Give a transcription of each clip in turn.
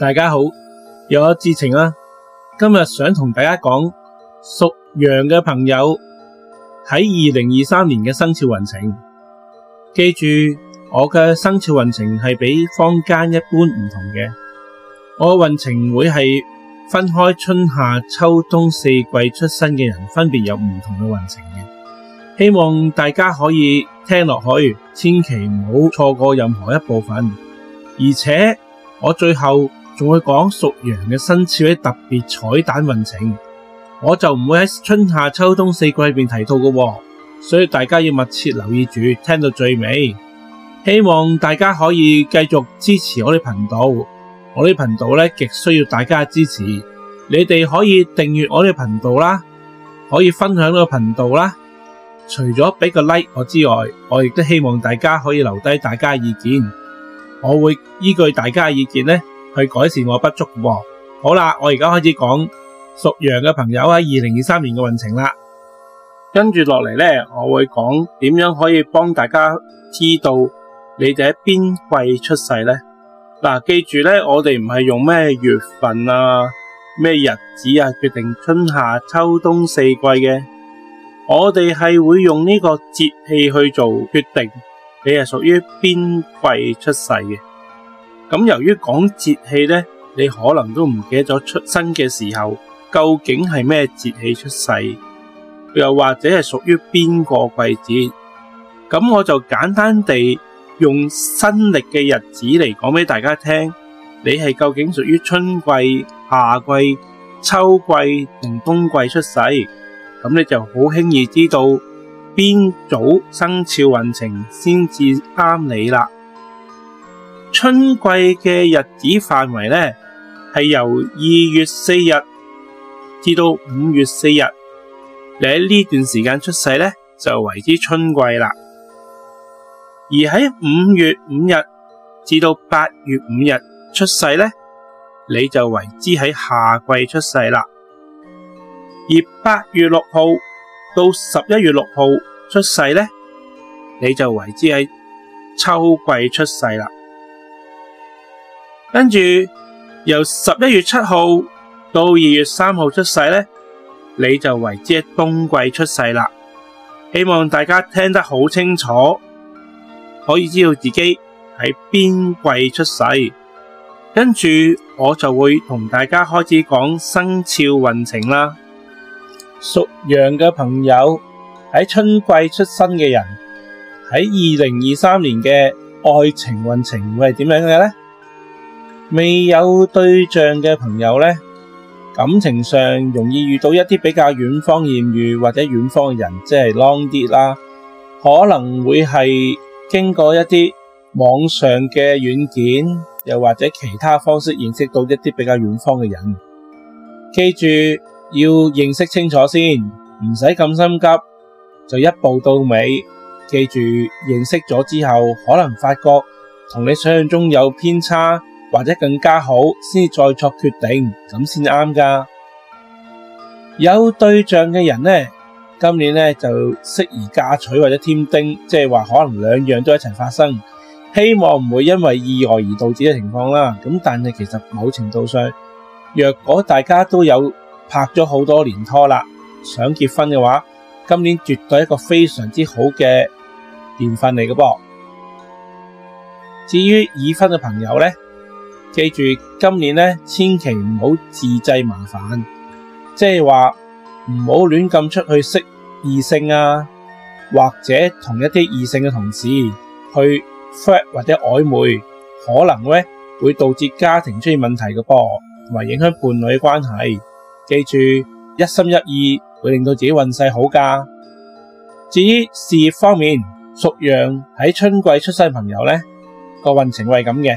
大家好，又有志晴啦。今日想同大家講屬羊嘅朋友喺二零二三年嘅生肖運程。記住我嘅生肖運程係比坊間一般唔同嘅。我的運程會係分開春夏秋冬四季出生嘅人分別有唔同嘅運程嘅。希望大家可以聽落去，千祈唔好錯過任何一部分。而且我最後。仲會講屬羊嘅生肖喺特別彩蛋運程，我就唔會喺春夏秋冬四季入面提到噶，所以大家要密切留意住，聽到最尾。希望大家可以繼續支持我哋頻道，我哋頻道呢，極需要大家嘅支持。你哋可以訂閱我哋頻道啦，可以分享呢個頻道啦。除咗俾個 like 我之外，我亦都希望大家可以留低大家嘅意見，我會依據大家嘅意見呢，去改善我不足啊。好啦，我而家開始講屬羊嘅朋友喺二零二三年嘅運程啦。跟住落嚟呢，我會講點樣可以幫大家知道你哋喺邊季出世呢？嗱，啊，記住呢，我哋唔係用咩月份啊、咩日子啊決定春夏秋冬四季嘅，我哋係會用呢個節氣去做決定，你係屬於邊季出世嘅。咁由於講節氣呢，你可能都唔記得咗出生嘅時候究竟係咩節氣出世，又或者係屬於邊個季節，咁我就簡單地用新曆嘅日子嚟講俾大家聽，你係究竟屬於春季、夏季、秋季定冬季出世，咁你就好輕易知道邊組生肖運程先至啱你啦。春季嘅日子範圍呢，係由二月四日至到五月四日，你喺呢段時間出世呢，就為之春季啦。而喺五月五日至到八月五日出世呢，你就為之喺夏季出世啦。而八月六號到十一月六號出世呢，你就為之喺秋季出世啦。跟住由十一月七號到二月三號出世咧，你就為之喺冬季出世啦。希望大家聽得好清楚，可以知道自己喺邊季出世。跟住我就會同大家開始講生肖運程啦。屬羊嘅朋友喺春季出生嘅人喺二零二三年嘅愛情運程會係點樣嘅咧？未有對象嘅朋友呢，感情上容易遇到一啲比較遠方艷遇或者遠方嘅人，即係浪啲啦。可能會係經過一啲網上嘅軟件，又或者其他方式認識到一啲比較遠方嘅人。記住要認識清楚先，唔使咁心急，就一步到尾。記住認識咗之後，可能發覺同你想象中有偏差。或者更加好，先再作決定咁先啱噶。有對象嘅人咧，今年咧就適宜嫁娶或者添丁，即係話可能兩樣都一齊發生。希望唔會因為意外而導致嘅情況啦。咁但係其實某程度上，若果大家都有拍咗好多年拖啦，想結婚嘅話，今年絕對係一個非常之好嘅年份嚟嘅噃。至於已婚嘅朋友咧，記住今年咧，千祈唔好自製麻煩，即係話唔好亂咁出去識異性啊，或者同一啲異性嘅同事去 flirt 或者曖昧，可能咧會導致家庭出現問題嘅噃，同埋影響伴侶關係。記住一心一意會令到自己運勢好噶。至於事業方面，屬羊喺春季出世朋友咧個運程會係咁嘅。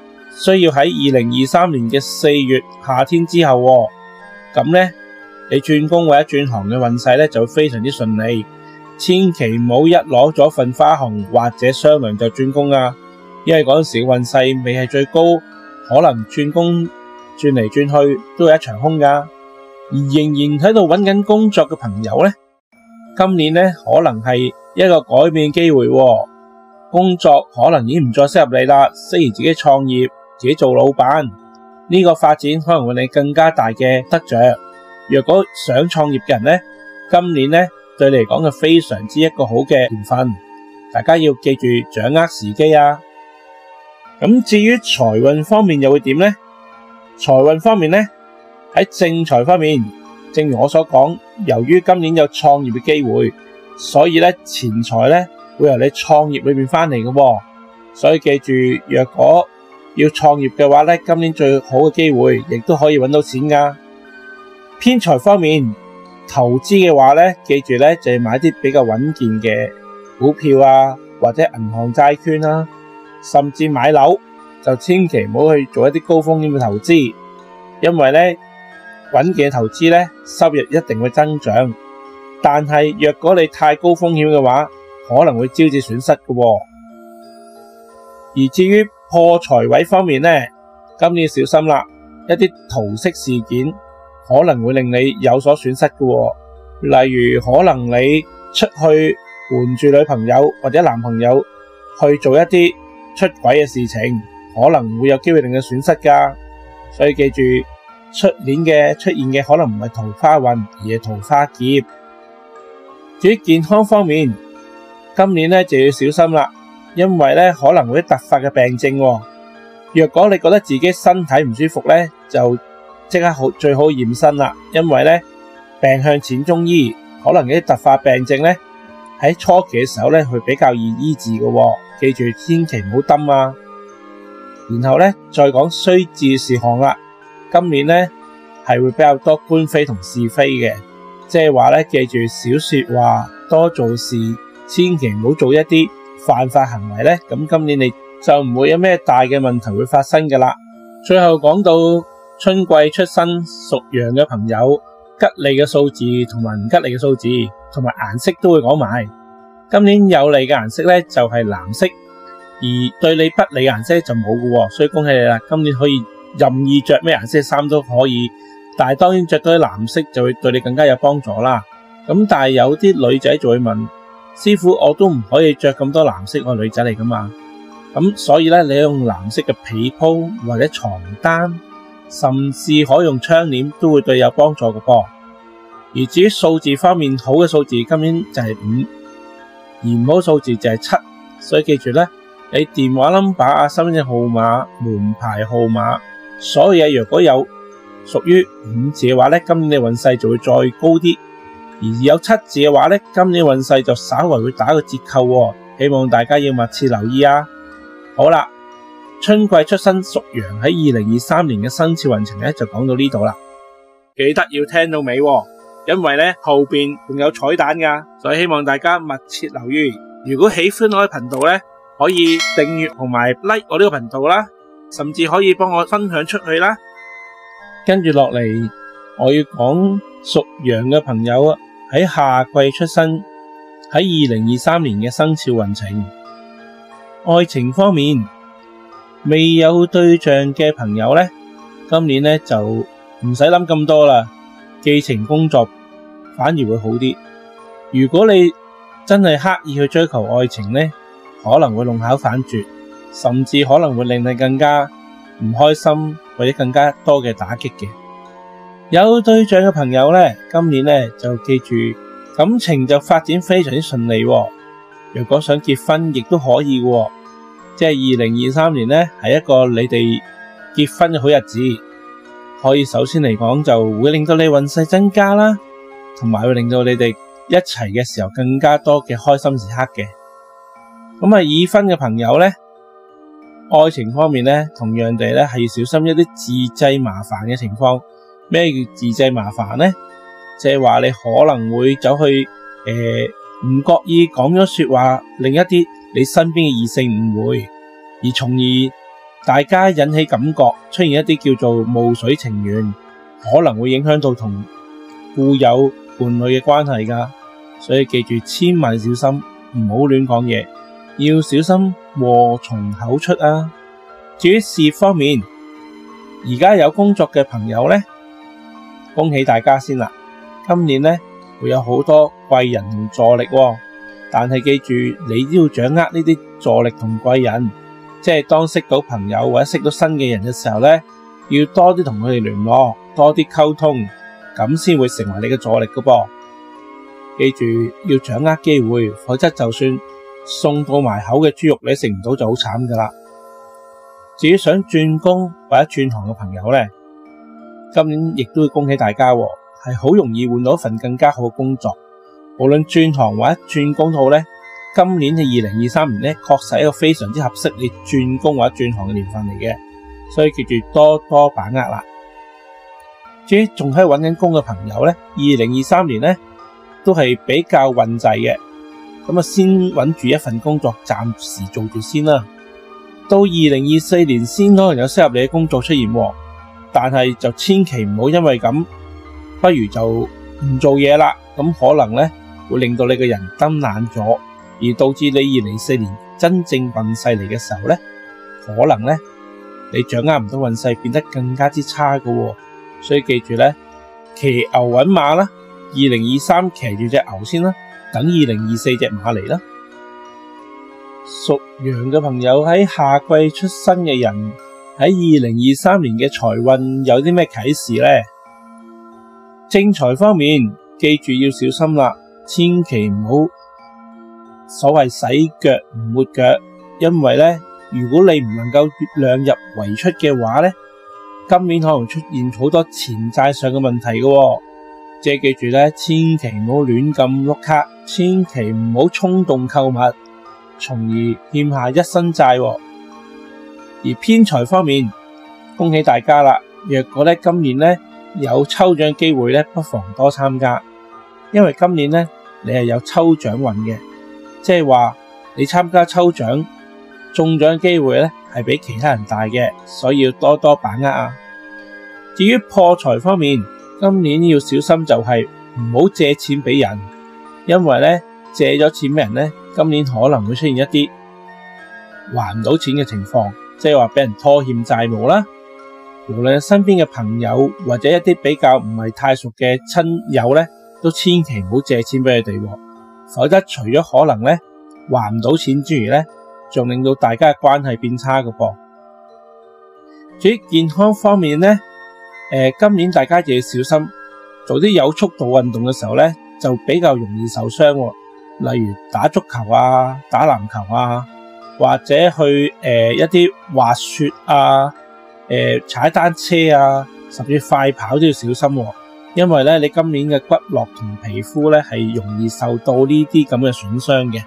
需要喺二零二三年嘅四月夏天之後喎，咁呢你轉工或者轉行嘅運勢呢就會非常之順利。千祈唔好一攞咗份花紅或者雙糧就轉工啊，因為嗰陣時運勢未係最高，可能轉工轉嚟轉去都係一場空噶。而仍然喺度搵緊工作嘅朋友呢，今年呢可能係一個改變機會，工作可能已經唔再適合你啦，適宜自己創業。自己做老闆呢個發展，可能會令你更加大嘅得着。若果想創業嘅人呢，今年呢對你嚟講係非常之一個好嘅年份，大家要記住掌握時機啊。咁至於財運方面又會點呢？財運方面呢喺正財方面，正如我所講，由於今年有創業嘅機會，所以呢錢財呢會由你創業裏面翻嚟嘅，所以記住，若果。要創業嘅話呢，今年最好嘅機會亦都可以搵到錢噶。偏財方面，投資嘅話呢，記住呢就係買啲比較穩健嘅股票啊，或者銀行債券啦、啊，甚至買樓就千祈唔好去做一啲高風險嘅投資，因為呢穩健嘅投資呢收入一定會增長，但係若果你太高風險嘅話，可能會招致損失噶。而至於，破財位方面呢，今年小心啦，一啲桃色事件可能會令你有所損失嘅喎，例如可能你出去瞞住女朋友或者男朋友去做一啲出軌嘅事情，可能會有機會令你損失噶，所以記住出年嘅出現嘅可能唔係桃花運，而係桃花劫。至於健康方面，今年呢就要小心啦。因為咧可能會啲突發嘅病症，若果你覺得自己身體唔舒服咧，就即刻最好驗身啦。因為咧病向淺中醫，可能嗰啲突發病症咧喺初期嘅時候咧，佢比較易醫治嘅。記住，千祈唔好冧啊。然後咧再講需注意事項啦。今年咧係會比較多官非同是非嘅，即係話咧記住少說話，多做事，千祈唔好做一啲。犯法行為咧，咁今年你就唔會有咩大嘅問題會發生噶啦。最後講到春季出生屬羊嘅朋友，吉利嘅數字同埋唔吉利嘅數字同埋顏色都會講埋。今年有利嘅顏色咧就係藍色，而對你不利嘅顏色就冇嘅，所以恭喜你啦！今年可以任意着咩顏色嘅衫都可以，但係當然着到啲藍色就會對你更加有幫助啦。咁但係有啲女仔就會問。師傅，我都唔可以着咁多藍色，我係女仔嚟㗎嘛？咁、嗯、所以咧，你用藍色嘅被鋪或者床單，甚至可以用窗簾，都會對有幫助嘅噃，而至於數字方面，好嘅數字今年就係五，而唔好的數字就係七。所以記住咧，你電話 number 啊、身份證號碼、門牌號碼，所以如果有屬於五字嘅話咧，今年你運勢就會再高啲。而有七字嘅話呢，今年運勢就稍為會打個折扣喎，希望大家要密切留意啊！好啦，春季出生屬羊喺二零二三年嘅生肖運程呢，就講到呢度啦。記得要聽到尾喎，因為呢後邊仲有彩蛋噶，所以希望大家密切留意。如果喜歡我嘅頻道呢，可以訂閱同埋 like 我呢個頻道啦，甚至可以幫我分享出去啦。跟住落嚟，我要講屬羊嘅朋友啊。喺夏季出生，喺二零二三年嘅生肖運程，愛情方面，未有對象嘅朋友呢，今年呢就唔使諗咁多啦，寄情工作反而會好啲。如果你真係刻意去追求愛情呢，可能會弄巧反拙，甚至可能會令你更加唔開心或者更加多嘅打擊嘅。有對象嘅朋友呢，今年呢就記住感情就發展非常之順利喎。如果想結婚，亦都可以喎。即係二零二三年呢，係一個你哋結婚嘅好日子，可以首先嚟講就會令到你運勢增加啦，同埋會令到你哋一齊嘅時候更加多嘅開心時刻嘅。咁啊，已婚嘅朋友呢，愛情方面呢，同樣地咧係要小心一啲自製麻煩嘅情況。咩叫自製麻煩呢？就係話你可能會走去誒，唔覺意講咗說話，令一啲你身邊嘅異性誤會，而從而大家引起感覺，出現一啲叫做霧水情緣，可能會影響到同固有伴侶嘅關係噶。所以記住千萬小心，唔好亂講嘢，要小心禍從口出啊。至於事業方面，而家有工作嘅朋友呢？恭喜大家先啦！今年呢會有好多貴人同助力喎，但係記住你要掌握呢啲助力同貴人，即係當認識到朋友或者認識到新嘅人嘅時候呢，要多啲同佢哋聯絡，多啲溝通，咁先會成為你嘅助力噶噃。記住要掌握機會，否則就算送到埋口嘅豬肉，你食唔到就好慘噶啦。至於想轉工或者轉行嘅朋友呢？今年亦都恭喜大家，係好容易換到一份更加好嘅工作，無論轉行或者轉工都好咧。今年係二零二三年咧，確實係一個非常之合適你轉工或者轉行嘅年份嚟嘅，所以記住多多把握啦。至於仲喺揾緊工嘅朋友咧，二零二三年咧都係比較運滯嘅，咁啊先揾住一份工作，暫時做住先啦。到二零二四年先可能有適合你嘅工作出現喎。但係就千祈唔好因為咁，不如就唔做嘢啦。咁可能咧會令到你嘅人燈爛咗，而導致你二零二四年真正運勢嚟嘅時候咧，可能咧你掌握唔到運勢，變得更加之差㗎喎。所以記住呢，騎牛搵馬啦，二零二三騎住隻牛先啦，等二零二四隻馬嚟啦。屬羊嘅朋友喺夏季出生嘅人。喺二零二三年嘅財運有啲咩啟示呢？正財方面，記住要小心啦，千祈唔好所謂洗腳唔抹腳，因為咧，如果你唔能夠量入為出嘅話咧，今年可能出現好多錢債上嘅問題嘅、哦。即係記住咧，千祈唔好亂咁碌卡，千祈唔好衝動購物，從而欠下一身債、哦。而偏財方面，恭喜大家啦！若果今年咧有抽獎機會咧，不妨多參加，因為今年咧你係有抽獎運嘅，即係話你參加抽獎中獎機會咧係比其他人大嘅，所以要多多把握啊！至於破財方面，今年要小心就係唔好借錢俾人，因為咧借咗錢俾人咧，今年可能會出現一啲還唔到錢嘅情況。即係話俾人拖欠債務啦，無論身邊嘅朋友或者一啲比較唔係太熟嘅親友咧，都千祈唔好借錢俾佢哋，否則除咗可能咧還唔到錢之餘咧，仲令到大家嘅關係變差嘅噃。至於健康方面咧，誒，今年大家就要小心，做啲有速度運動嘅時候咧，就比較容易受傷喎，例如打足球啊、打籃球啊。或者去誒、呃、一啲滑雪啊，誒、呃、踩單車啊，甚至快跑都要小心啊，因為咧你今年嘅骨骼同皮膚咧係容易受到這這呢啲咁嘅損傷嘅。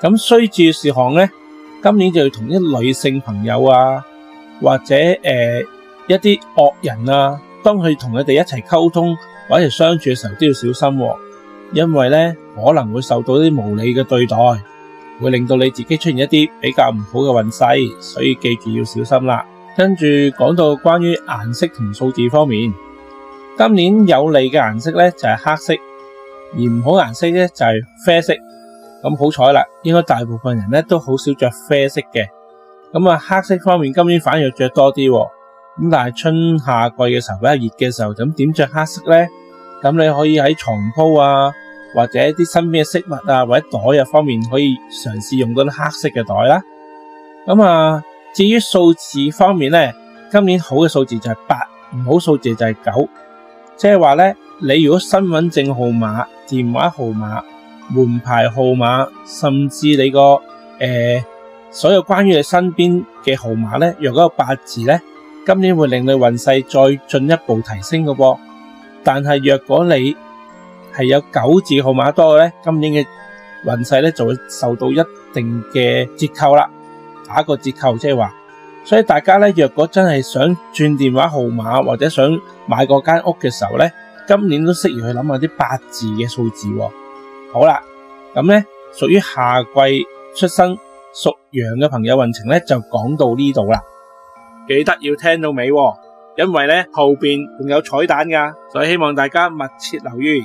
咁需注意事項咧，今年就要同一啲女性朋友啊，或者誒、呃、一啲惡人啊，當佢同佢哋一齊溝通或者相處嘅時候都要小心啊，因為咧可能會受到啲無理嘅對待。會令到你自己出現一啲比較唔好嘅運勢，所以記住要小心啦。跟住講到關於顏色同數字方面，今年有利嘅顏色呢就係黑色，而唔好顏色呢就係啡色。咁好彩啦，應該大部分人呢都好少着啡色嘅。咁啊，黑色方面今年反而着多啲喎。咁但係春夏季嘅時候比較熱嘅時候，咁點着黑色呢？咁你可以喺床鋪啊。或者啲身邊嘅飾物啊，或者袋啊方面，可以嘗試用到啲黑色嘅袋啦、啊。咁啊，至於數字方面咧，今年好嘅數字就係八，唔好數字就係九。即係話咧，你如果身份證號碼、電話號碼、門牌號碼，甚至你個誒、呃、所有關於你身邊嘅號碼咧，若果有八字咧，今年會令你運勢再進一步提升嘅噃。但係若果你，係有九字號碼多嘅咧，今年嘅運勢咧就會受到一定嘅折扣啦。打個折扣，即係話，所以大家咧，若果真係想轉電話號碼或者想買個間屋嘅時候咧，今年都適宜去諗下啲八字嘅數字。好啦，咁咧屬於夏季出生屬羊嘅朋友運程咧就講到呢度啦。記得要聽到尾，因為咧後邊仲有彩蛋噶，所以希望大家密切留意。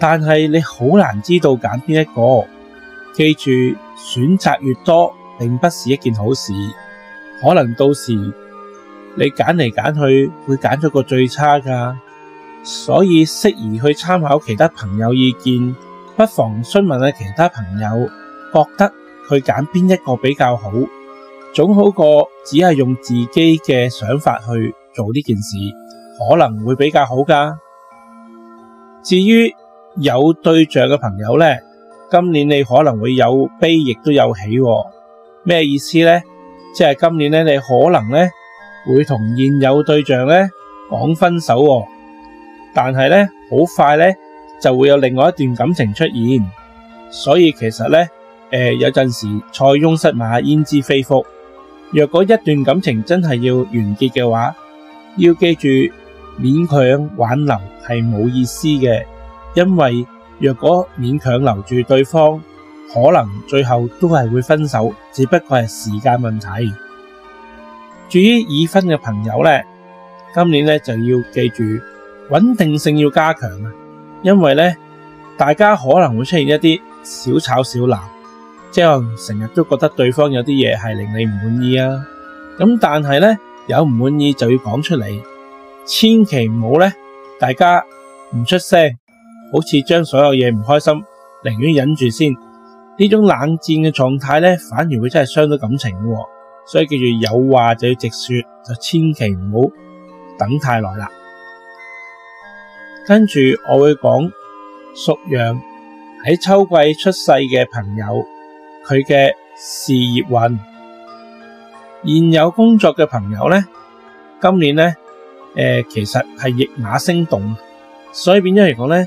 但係你好難知道揀邊一個，記住，選擇越多，並不是一件好事。可能到時你揀嚟揀去，會揀咗個最差噶。所以適宜去參考其他朋友意見，不妨詢問下其他朋友覺得佢揀邊一個比較好，總好過只係用自己嘅想法去做呢件事，可能會比較好噶。至於，有對象嘅朋友呢，今年你可能會有悲，亦都有喜，哦。咩意思呢？即係今年咧，你可能咧會同現有對象咧講分手，哦，但係咧好快咧就會有另外一段感情出現。所以其實咧，誒、呃、有陣時塞翁失馬，焉知非福。若果一段感情真係要完結嘅話，要記住勉強挽留係冇意思嘅。因為若果勉強留住對方，可能最後都係會分手，只不過係時間問題。至於已婚嘅朋友呢，今年呢就要記住穩定性要加強，因為呢大家可能會出現一啲小吵小鬧，即係成日都覺得對方有啲嘢係令你唔滿意啊。咁但係呢有唔滿意就要講出嚟，千祈唔好呢大家唔出聲。好似將所有嘢唔開心，寧願忍住先。呢種冷戰嘅狀態咧，反而會真係傷到感情。所以叫做有話就要直說，就千祈唔好等太耐啦。跟住我會講屬羊喺秋季出世嘅朋友，佢嘅事業運現有工作嘅朋友咧，今年咧誒，其實係驛馬星動，所以變咗嚟講咧。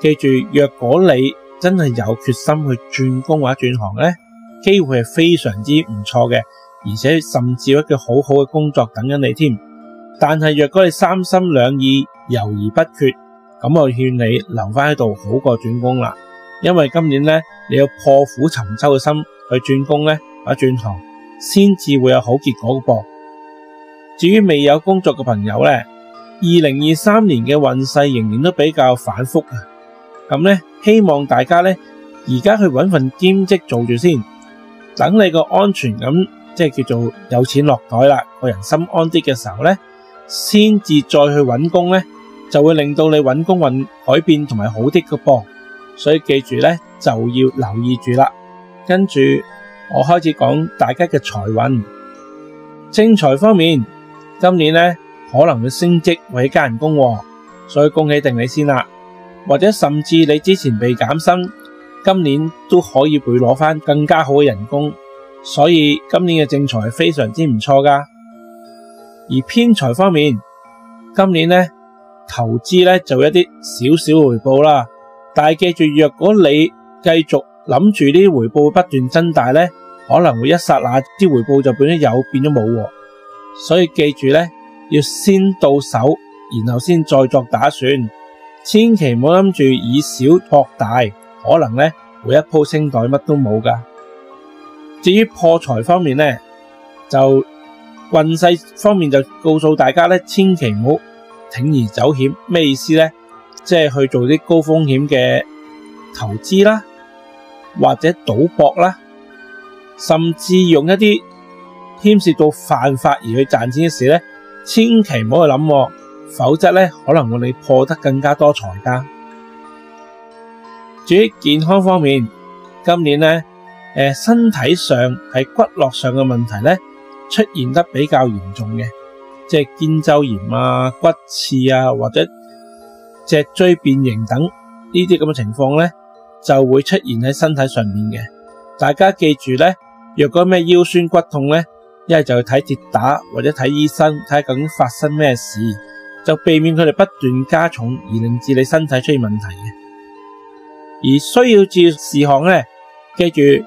記住，若果你真係有決心去轉工或者轉行呢，機會係非常之唔錯嘅，而且甚至有一個好好嘅工作等緊你添。但係若果你三心兩意、猶疑不決，咁我勸你留翻喺度好過轉工啦。因為今年呢，你要破釜沉舟嘅心去轉工呢，或者轉行，先至會有好結果嘅噃。至於未有工作嘅朋友呢，二零二三年嘅運勢仍然都比較反覆。咁咧，希望大家咧而家去搵份兼職做住先，等你個安全感，即係叫做有錢落袋啦，個人心安啲嘅時候咧，先至再去搵工咧，就會令到你搵工運改變同埋好啲嘅噃。所以記住咧，就要留意住啦。跟住我開始講大家嘅財運，正財方面，今年咧可能會升職或者加人工喎，所以恭喜定你先啦。或者甚至你之前被減薪，今年都可以會攞翻更加好嘅人工，所以今年嘅正財係非常之唔錯噶。而偏財方面，今年咧投資咧就一啲少少回報啦，但係記住，若果你繼續諗住呢啲回報不斷增大咧，可能會一剎那啲回報就變咗有變咗冇，所以記住咧要先到手，然後先再再作打算。千祈唔好諗住以小搏大，可能呢每一鋪清袋乜都冇噶。至於破財方面呢，就運勢方面就告訴大家呢，千祈唔好鋌而走險。咩意思呢？即係去做啲高風險嘅投資啦，或者賭博啦，甚至用一啲牽涉到犯法而去賺錢嘅事呢，千祈唔好去諗、哦。否則咧，可能會你破得更加多財家。至於健康方面，今年咧，誒、呃，身體上喺骨骼上嘅問題咧，出現得比較嚴重嘅，即係肩周炎啊、骨刺啊，或者脊椎變形等這這呢啲咁嘅情況咧，就會出現喺身體上面嘅。大家記住咧，若果咩腰酸骨痛咧，一係就去睇跌打，或者睇醫生，睇下究竟發生咩事。就避免佢哋不斷加重，而令至你身體出現問題嘅。而需要注意事項呢，記住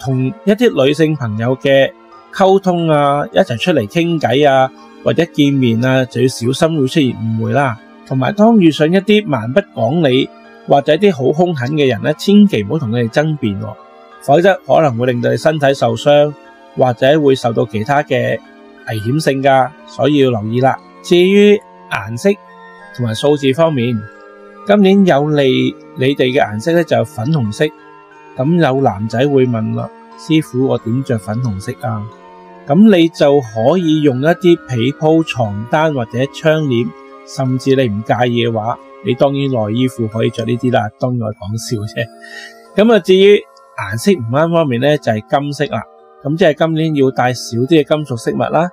同一啲女性朋友嘅溝通啊，一齊出嚟傾偈啊，或者見面啊，就要小心會出現誤會啦。同埋，當遇上一啲蠻不講理或者一啲好凶狠嘅人呢，千祈唔好同佢哋爭辯啊，否則可能會令到你身體受傷，或者會受到其他嘅危險性噶啊。所以要留意啦。至於，顏色同埋數字方面，今年有利你哋嘅顏色咧就係粉紅色。咁有男仔會問啦，師傅我點着粉紅色啊？咁你就可以用一啲被鋪、床單或者窗簾，甚至你唔介意嘅話，你當然內衣褲可以着呢啲啦，當然我講笑啫。咁啊，至於顏色唔啱方面咧，就係金色啊。咁即係今年要帶少啲嘅金屬飾物啦。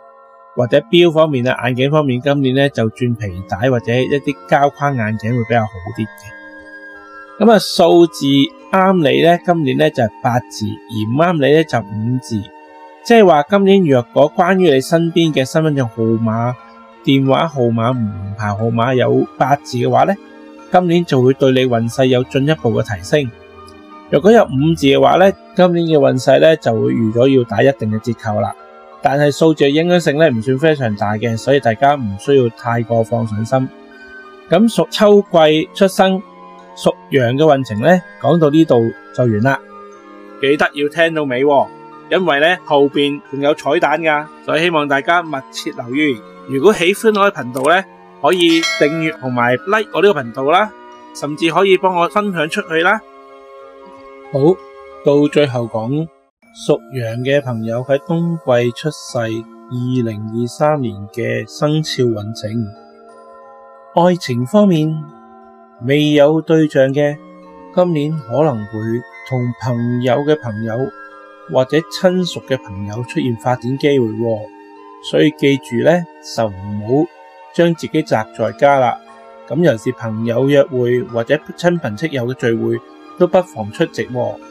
或者表方面啊，眼鏡方面今年咧就轉皮帶或者一啲膠框眼鏡會比較好啲嘅。咁啊，數字啱你咧，今年咧就係八字；而唔啱你咧就五字。即係話今年若果關於你身邊嘅身份證號碼、電話號碼、門牌號碼有八字嘅話咧，今年就會對你運勢有進一步嘅提升。若果有五字嘅話咧，今年嘅運勢咧就會預咗要打一定嘅折扣啦。但係數字影響性咧唔算非常大嘅，所以大家唔需要太過放上心。咁屬秋季出生屬羊嘅運程咧，講到呢度就完啦。記得要聽到尾喎，因為咧後面仲有彩蛋㗎，所以希望大家密切留意。如果喜歡我嘅頻道咧，可以訂閱同埋 like 我呢個頻道啦，甚至可以幫我分享出去啦。好，到最後講。屬羊嘅朋友喺冬季出世，二零二三年嘅生肖運程，愛情方面未有對象嘅，今年可能會同朋友嘅朋友或者親屬嘅朋友出現發展機會，所以記住呢，就唔好將自己宅在家啦，咁又是朋友約會或者親朋戚友嘅聚會，都不妨出席喎。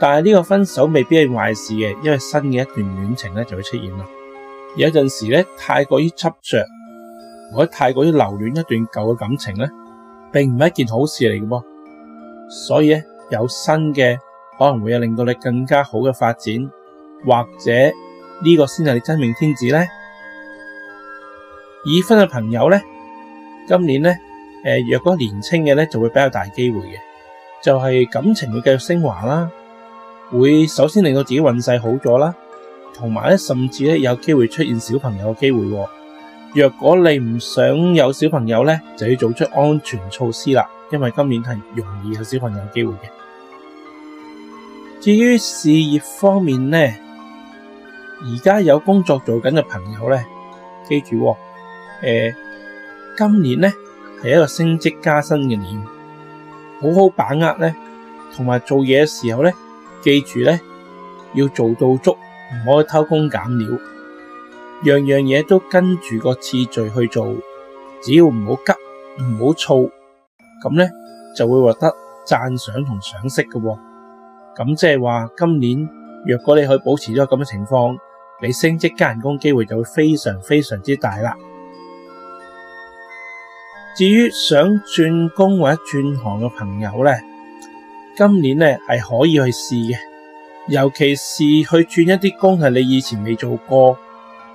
但係呢個分手未必係壞事嘅，因為新嘅一段戀情就會出現啦。有陣時咧，太過於執着，或者太過於留戀一段舊嘅感情咧，並唔係一件好事嚟嘅。所以有新嘅可能會令到你更加好嘅發展，或者呢、這個先係你真命天子呢。已婚嘅朋友，今年呢，誒，若果年青嘅咧就會比較大機會嘅，就係、是、感情會繼續升華啦。會首先令到自己運勢好咗啦，同埋咧，甚至咧有機會出現小朋友嘅機會哦。若果你唔想有小朋友咧，就要做出安全措施啦，因為今年係容易有小朋友機會嘅。至於事業方面咧，而家有工作做緊嘅朋友咧，記住誒，哦，呃，今年咧係一個升職加薪嘅年，好好把握咧，同埋做嘢嘅時候咧。記住咧，要做到足，唔可以偷工減料，樣樣嘢，都跟住個次序去做，只要唔好急，唔好躁，咁咧就會獲得讚賞同賞識嘅。咁即係話，今年若果你可以保持咗咁嘅情況，你升職加人工機會就會非常非常之大啦。至於想轉工或者轉行嘅朋友咧，今年呢係可以去試嘅，尤其是去轉一啲工係你以前未做過，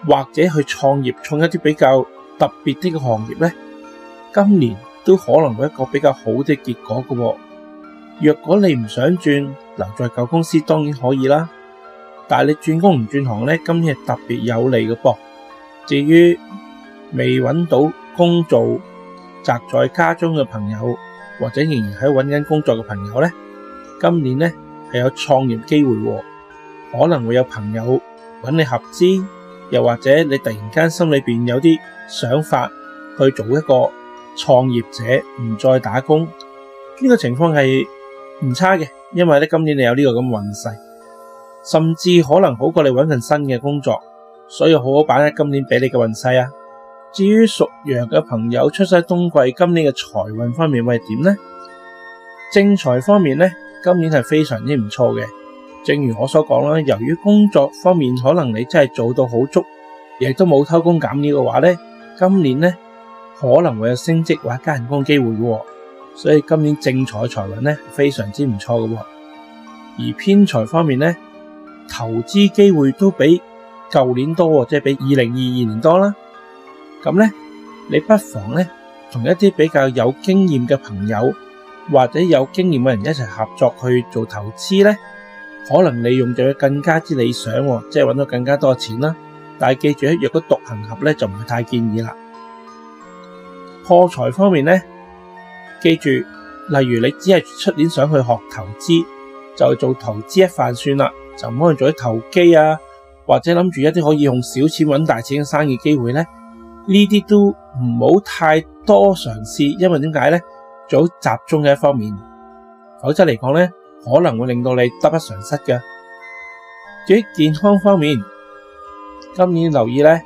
或者去創業創一啲比較特別的個行業呢，今年都可能會一個比較好的結果嘅、哦。若果你唔想轉留在舊公司，當然可以啦。但係你轉工唔轉行呢，今日係特別有利嘅、哦。至於未搵到工作，宅在家中嘅朋友，或者仍然喺搵緊工作嘅朋友呢。今年呢，係有創業機會，可能會有朋友揾你合資，又或者你突然間心裏邊有啲想法去做一個創業者，唔再打工呢。呢個情況係唔差嘅，因為咧今年你有呢個咁運勢，甚至可能好過你揾份新嘅工作，所以好好把握今年俾你嘅運勢啊。至於屬羊嘅朋友出世冬季，今年嘅財運方面會係點呢？正財方面呢。今年係非常之唔錯嘅，正如我所講啦，由於工作方面可能你真係做到好足，亦都冇偷工減料嘅話，呢今年呢可能會有升職或加人工的機會的，所以今年正財財運呢非常之唔錯嘅，而偏財方面呢，投資機會都比舊年多，即係比二零二二年多啦。咁咧，你不妨呢，同一啲比較有經驗嘅朋友。或者有經驗嘅人一齊合作去做投資咧，可能你用咗會更加之理想，哦，即係搵到更加多嘅錢啦。但係記住咧，若果獨行俠咧就唔係太建議啦。破財方面咧，記住，例如你只係出年想去學投資，就做投資一番算啦，就唔好去做啲投機啊，或者諗住一啲可以用小錢搵大錢嘅生意機會咧，呢啲都唔好太多嘗試，試，因為點解咧？最好集中嘅一方面，否則嚟講呢，可能會令到你得不償失嘅。至於健康方面，今年留意呢，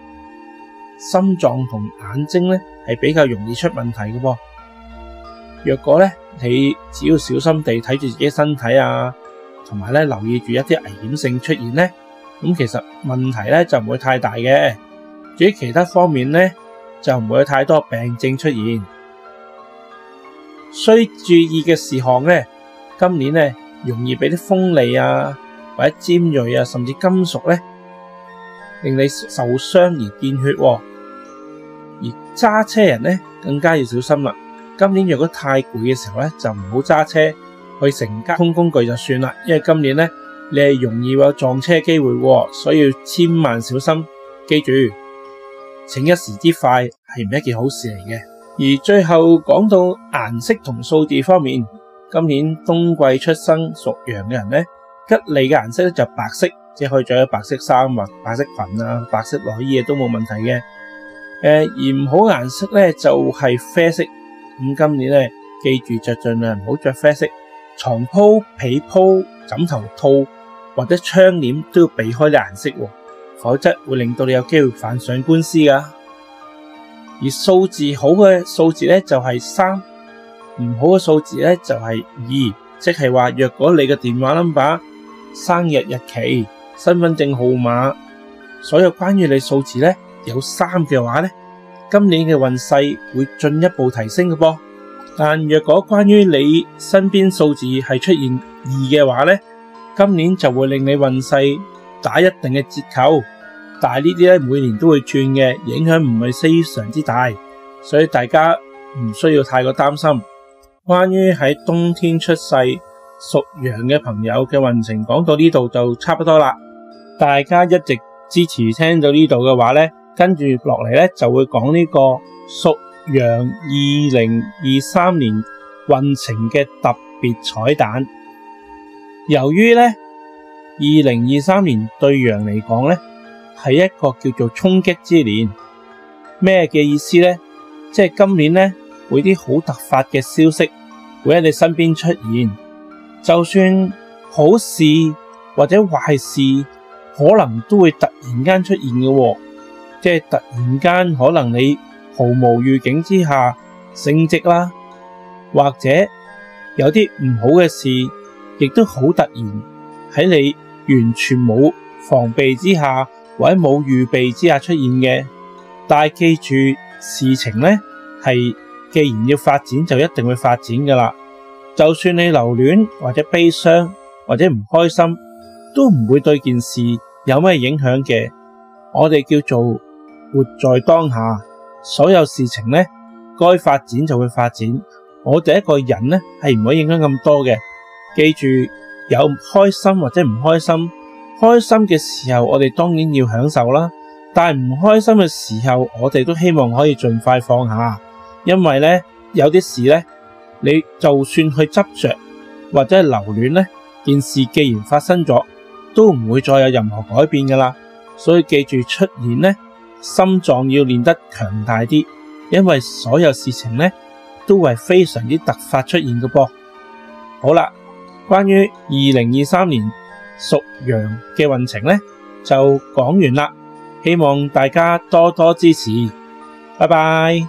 心臟同眼睛呢係比較容易出問題嘅。若果呢，你只要小心地睇住自己身體啊，同埋呢留意住一啲危險性出現呢，咁其實問題呢就唔會太大嘅。至於其他方面呢，就唔會有太多病症出現。需注意嘅事項咧，今年咧容易俾啲鋒利啊或者尖銳啊甚至金屬咧，令你受傷而見血喎。而揸車人咧更加要小心啦。今年如果太攰嘅時候咧，就唔好揸車，去乘交通工具就算啦，因為今年咧你係容易有撞車機會喎，所以要千萬小心。記住，請一時之快係唔係一件好事嚟嘅。而最後講到顏色同數字方面，今年冬季出生屬羊嘅人咧，吉利嘅顏色就白色，即係可以着白色衫啊、白色裙啊、白色內衣都冇問題嘅。而，唔好顏色咧就係啡色，咁今年呢，記住就盡量唔好着啡色，床鋪、被鋪、枕頭套或者窗簾都要避開呢顏色，否則會令到你有機會犯上官司噶。而數字好嘅數字咧就係三，唔好嘅數字咧就係二，即係話若果你嘅電話 number、生日日期、身份證號碼，所有關於你數字咧有三嘅話咧，今年嘅運勢會進一步提升嘅噃。但若果關於你身邊數字係出現二嘅話呢，今年就會令你運勢打一定嘅折扣。但係呢啲咧，每年都會轉嘅，影響唔係非常之大，所以大家唔需要太過擔心。關於喺冬天出世屬羊嘅朋友嘅運程，講到呢度就差不多啦。大家一直支持聽到呢度嘅話呢，跟住落嚟咧就會講呢個屬羊二零二三年運程嘅特別彩蛋。由於呢，二零二三年對羊嚟講呢。係一個叫做衝擊之年，咩嘅意思咧？即係今年咧，會啲好突發嘅消息會喺你身邊出現，就算好事或者壞事，可能都會突然間出現嘅喎。即係突然間，可能你毫無預警之下升職啦，或者有啲唔好嘅事，亦都好突然喺你完全冇防備之下。或者冇預備之下出現嘅，但係記住事情呢係既然要發展就一定會發展噶啦，就算你留戀或者悲傷或者唔開心都唔會對件事有咩影響嘅，我哋叫做活在當下，所有事情呢，該發展就會發展，我哋一個人呢，係唔可以影響咁多嘅，記住有開心或者唔開心。開心嘅時候，我哋當然要享受啦。但係唔開心嘅時候，我哋都希望可以盡快放下，因為呢，有啲事呢，你就算去執着，或者係留戀呢件事既然發生咗，都唔會再有任何改變噶啦。所以記住出現呢，心臟要練得強大啲，因為所有事情呢，都係非常之突發出現噶噃。好啦，關於二零二三年。屬羊嘅運程呢，就講完啦，希望大家多多支持，拜拜。